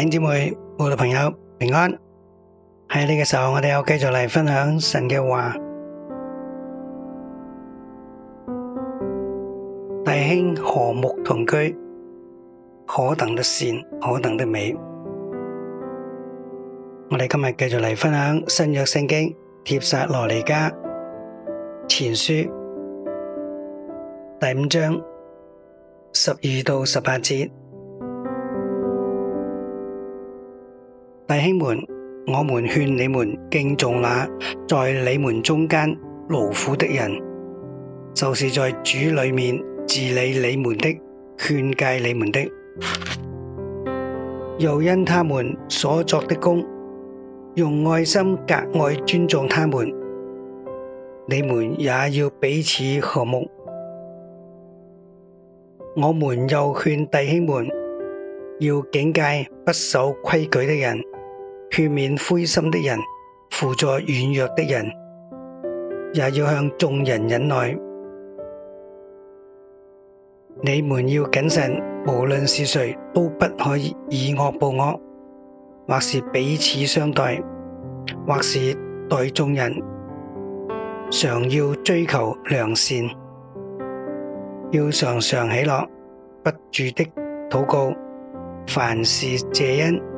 弟兄姊妹、慕道朋友平安。喺呢個時候，我哋又繼續嚟分享神嘅話。弟兄和睦同居，何等的善，何等的美。我哋今日繼續嚟分享新約聖經帖撒羅尼迦前書第五章十二到十八節。弟兄們，我們勸你們敬重那在你們中間勞苦的人，就是在主裡面治理你們的、勸誡你們的。又因他們所作的工，用愛心格外尊重他們，你們也要彼此和睦。我們又勸弟兄們要警戒不守規矩的人。勸勉灰心的人，扶助軟弱的人，也要向眾人忍耐。你們要謹慎，無論是誰，都不可以以惡報惡，或是彼此相待，或是待眾人，常要追求良善，要常常喜樂，不住的禱告。凡事謝恩。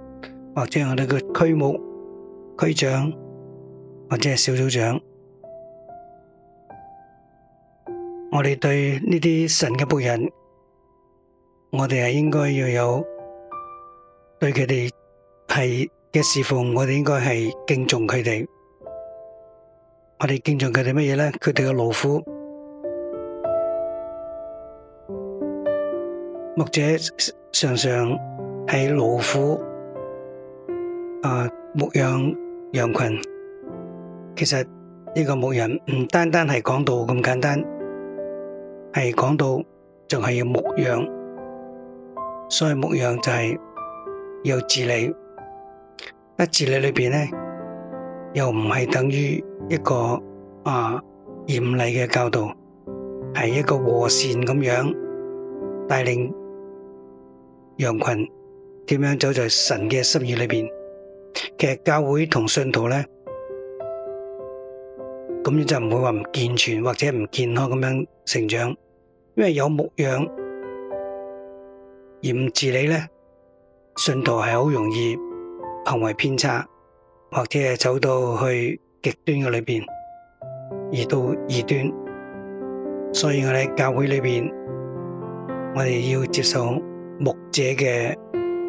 或者我哋嘅區牧、區長或者係小組長，我哋對呢啲神嘅僕人，我哋係應該要有對佢哋係嘅侍奉，我哋應該係敬重佢哋。我哋敬重佢哋乜嘢咧？佢哋嘅勞苦，牧者常常係勞苦。啊！牧養羊群，其實呢個牧人唔單單係講道，咁簡單係講道仲係要牧養。所以牧養就係要治理，一治理裏邊咧，又唔係等於一個啊嚴厲嘅教導，係一個和善咁樣帶領羊群點樣走在神嘅心意裏邊。其實教會同信徒咧，咁樣就唔會話唔健全或者唔健康咁樣成長，因為有牧養而唔治理咧，信徒係好容易行為偏差或者係走到去極端嘅裏邊，而到異端。所以我哋喺教會裏邊，我哋要接受牧者嘅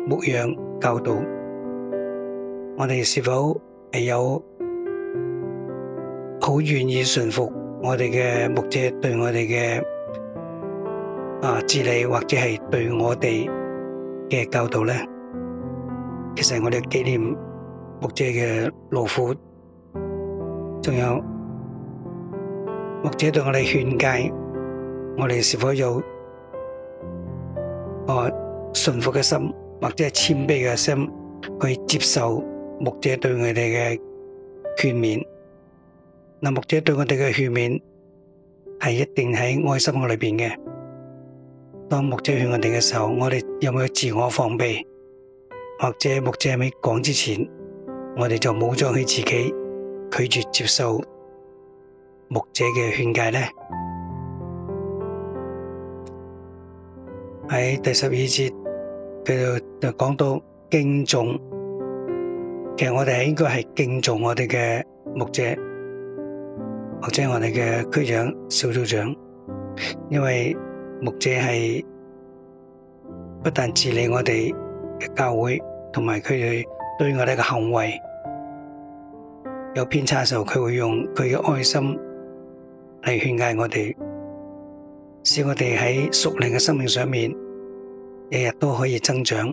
牧養教導。我哋是否係有好願意順服我哋嘅牧者對我哋嘅啊治理，或者係對我哋嘅教導咧？其實我哋紀念牧者嘅勞苦，仲有牧者對我哋勸戒，我哋是否有啊順服嘅心，或者係謙卑嘅心去接受？牧者對我哋嘅勸勉，嗱，牧者對我哋嘅勸勉係一定喺愛心我裏邊嘅。當牧者勸我哋嘅時候，我哋有冇自我防備，或者牧者喺未講之前，我哋就武裝起自己，拒絕接受牧者嘅勸戒咧？喺第十二節，佢就就講到敬重。其實我哋係應該係敬重我哋嘅牧者，或者我哋嘅區長、小組長，因為牧者係不但治理我哋嘅教會，同埋佢哋對我哋嘅行為有偏差嘅時候，佢會用佢嘅愛心嚟勸誡我哋，使我哋喺屬靈嘅生命上面，日日都可以增長。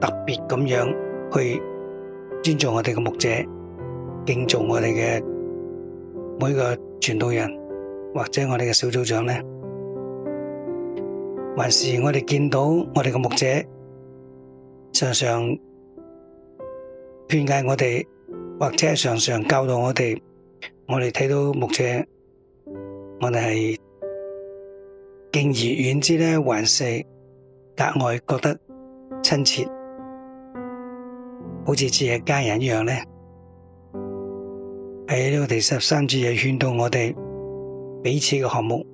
特別咁樣去尊重我哋嘅牧者，敬重我哋嘅每個傳道人，或者我哋嘅小組長呢，還是我哋見到我哋嘅牧者常常勸解我哋，或者常常教導我哋，我哋睇到牧者，我哋係敬而遠之呢，還是格外覺得親切？好似自家家人一樣咧，喺呢個第十三節又勸導我哋彼此嘅項目，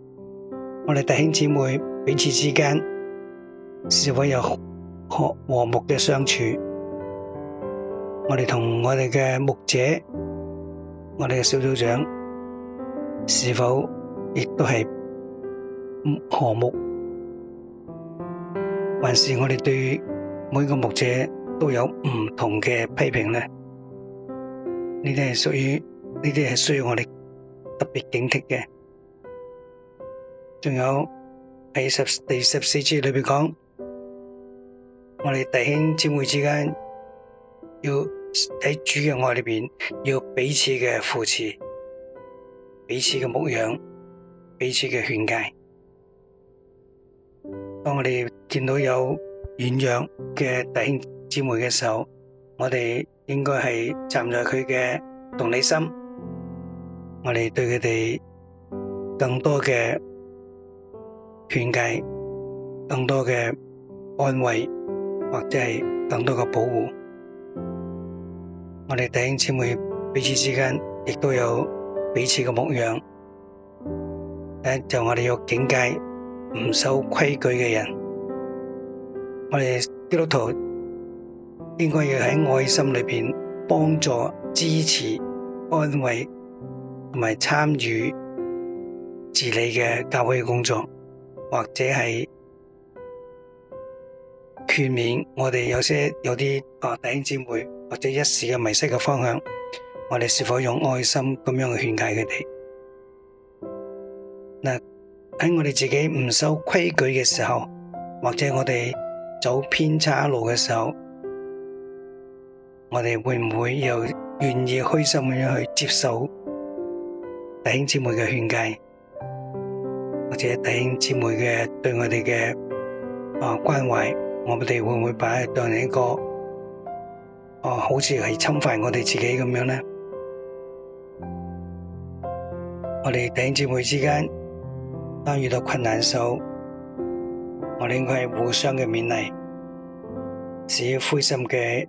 我哋弟兄姊妹彼此之間是否有和和睦嘅相處？我哋同我哋嘅牧者，我哋嘅小組長，是否亦都係和睦？還是我哋對每個牧者？都有唔同嘅批評咧，呢啲係屬於呢啲係需要我哋特別警惕嘅。仲有喺十第十四節裏邊講，我哋弟兄姊妹之間要喺主嘅愛裏邊要彼此嘅扶持，彼此嘅牧養，彼此嘅勸戒。當我哋見到有軟弱嘅弟兄，姊妹嘅時候，我哋應該係站在佢嘅同理心，我哋對佢哋更多嘅勸誡、更多嘅安慰或者係更多嘅保護。我哋弟兄姊妹彼此之間亦都有彼此嘅牧養，就我哋要警戒唔守規矩嘅人，我哋基督徒。應該要喺愛心裏邊幫助、支持、安慰，同埋參與治理嘅教會嘅工作，或者係勸勉我哋有些有啲個、啊、弟兄姊妹或者一時嘅迷失嘅方向，我哋是否用愛心咁樣去勸解佢哋？嗱，喺我哋自己唔守規矩嘅時候，或者我哋走偏差路嘅時候。我哋會唔會又願意虛心咁樣去接受弟兄姊妹嘅勸誡，或者弟兄姊妹嘅對我哋嘅，啊，關懷，我哋會唔會把佢當成一個啊，好似係侵犯我哋自己咁樣咧？我哋弟兄姊妹之間，當遇到困難嘅時候，我哋應該係互相嘅勉勵，只要灰心嘅。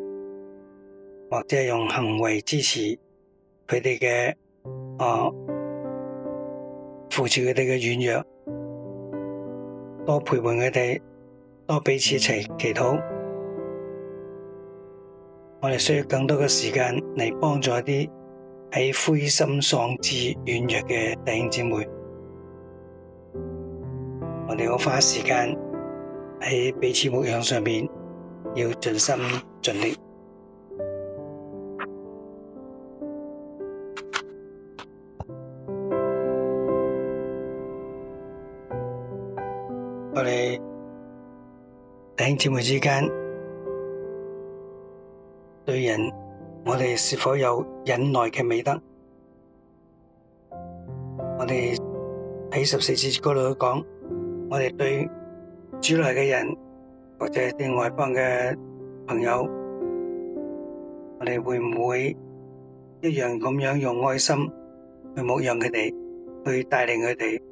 或者用行為支持佢哋嘅，誒、啊，扶持佢哋嘅軟弱，多陪伴佢哋，多彼此齊祈，祈禱。我哋需要更多嘅時間嚟幫助一啲喺灰心喪志、軟弱嘅弟兄姊妹。我哋要花時間喺彼此牧養上邊，要盡心盡力。我哋弟兄姊妹之間對人，我哋是否有忍耐嘅美德？我哋喺十四節嗰度講，我哋對主內嘅人或者對外邦嘅朋友，我哋會唔會一樣咁樣用愛心去牧養佢哋，去帶領佢哋？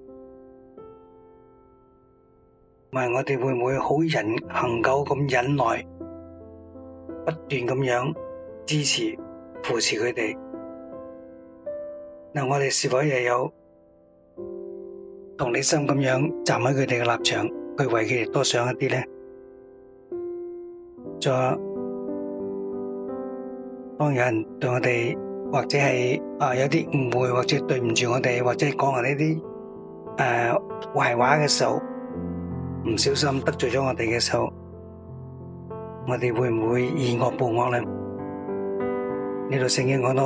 唔係我哋會唔會好忍恆久咁忍耐，不斷咁樣支持扶持佢哋？嗱，我哋是否亦有同理心咁樣站喺佢哋嘅立場，去為佢哋多想一啲咧？仲有當有人對我哋或者係啊有啲誤會或者對唔住我哋，或者講話呢啲誒壞話嘅時候？唔小心得罪咗我哋嘅時候，我哋會唔會以惡報惡咧？呢度聖經講得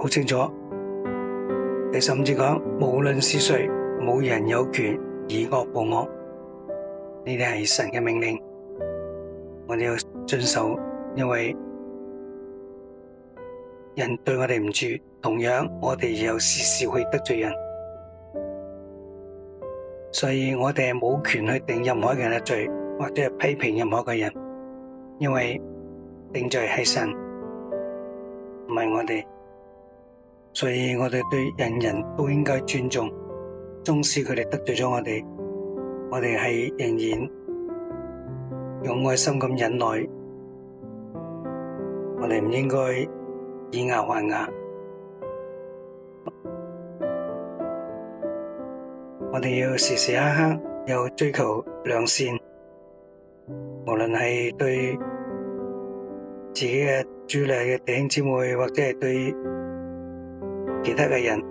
好清楚，你甚至講，無論是誰，冇人有權以惡報惡。呢啲係神嘅命令，我哋要遵守，因為人對我哋唔住，同樣我哋又時時會得罪人。所以我哋冇權去定任何一個人嘅罪，或者係批評任何一個人，因為定罪係神，唔係我哋。所以我哋對人人都應該尊重，縱使佢哋得罪咗我哋，我哋係仍然用愛心咁忍耐，我哋唔應該以牙還牙。我哋要時時刻刻有追求良善，無論係對自己嘅主內嘅弟兄姊妹，或者係對其他嘅人，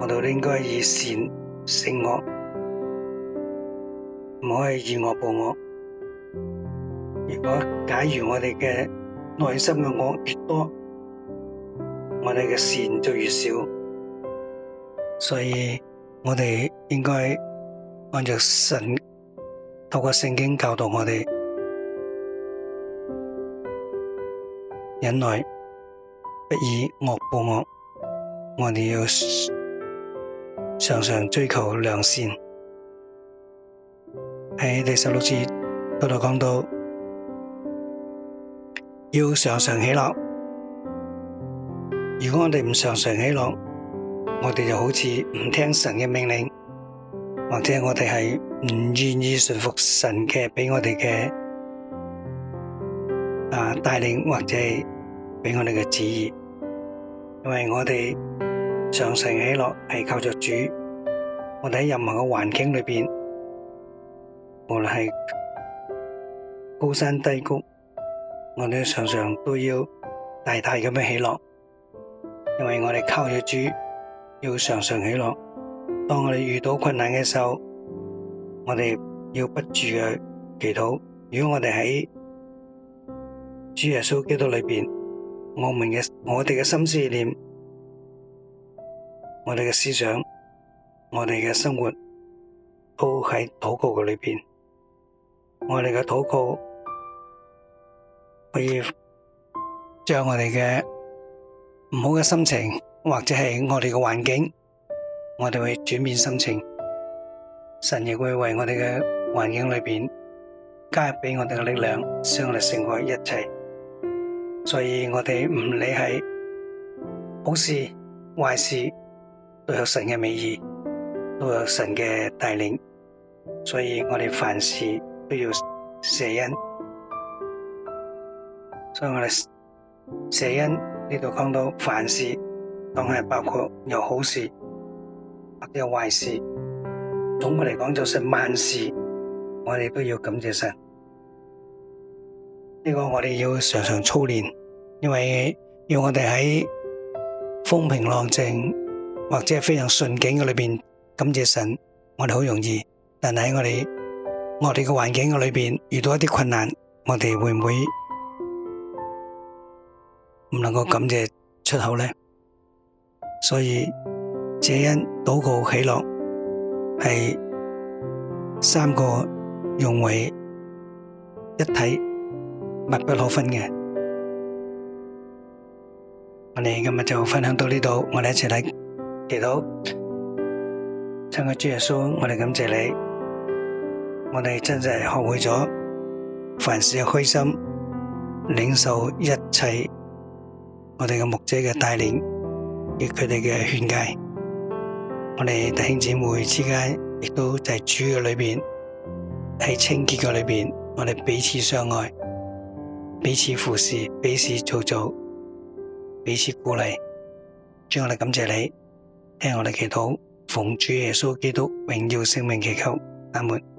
我哋都應該以善勝惡，唔可以以惡報惡。如果假如我哋嘅內心嘅惡越多，我哋嘅善就越少，所以。我哋應該按照神透過聖經教導我哋忍耐，不以惡報惡。我哋要常常追求良善。喺第十六節嗰度講到，要常常喜樂。如果我哋唔常常喜樂，我哋就好似唔聽神嘅命令，或者我哋係唔願意順服神嘅俾我哋嘅啊帶領，或者係俾我哋嘅旨意。因為我哋常常喜樂係靠著主，我哋喺任何嘅環境裏邊，無論係高山低谷，我哋常常都要大大咁樣喜樂，因為我哋靠著主。要常常喜樂。當我哋遇到困難嘅時候，我哋要不住嘅祈禱。如果我哋喺主耶穌基督裏邊，我們嘅我哋嘅心思意念，我哋嘅思想，我哋嘅生活，都喺禱告嘅裏邊。我哋嘅禱告可以將我哋嘅唔好嘅心情。或者係我哋嘅環境，我哋會轉變心情，神亦會為我哋嘅環境裏邊加入俾我哋嘅力量，幫我哋勝過一切。所以我哋唔理係好事壞事，都有神嘅美意，都有神嘅帶領。所以我哋凡事都要謝恩。所以我哋謝恩呢度講到凡事。當係包括有好事或者有壞事，總嘅嚟講就係萬事，我哋都要感謝神。呢個我哋要常常操練，因為要我哋喺風平浪靜或者係非常順境嘅裏邊感謝神，我哋好容易。但係喺我哋我哋嘅環境嘅裏邊遇到一啲困難，我哋會唔會唔能夠感謝出口咧？所以，謝恩禱告、喜樂係三個融為一體，密不可分嘅。我哋今日就分享到呢度，我哋一齊嚟祈禱。親愛嘅主耶穌，我哋感謝你，我哋真係學會咗凡事開心，領受一切我哋嘅牧者嘅帶領。亦佢哋嘅勸誡，我哋弟兄姊妹之間亦都就喺主嘅裏邊，喺清潔嘅裏邊，我哋彼此相愛，彼此扶持，彼此造就，彼此鼓勵。最後我哋感謝你，聽我哋祈禱，奉主耶穌基督榮耀聖名祈求，阿門。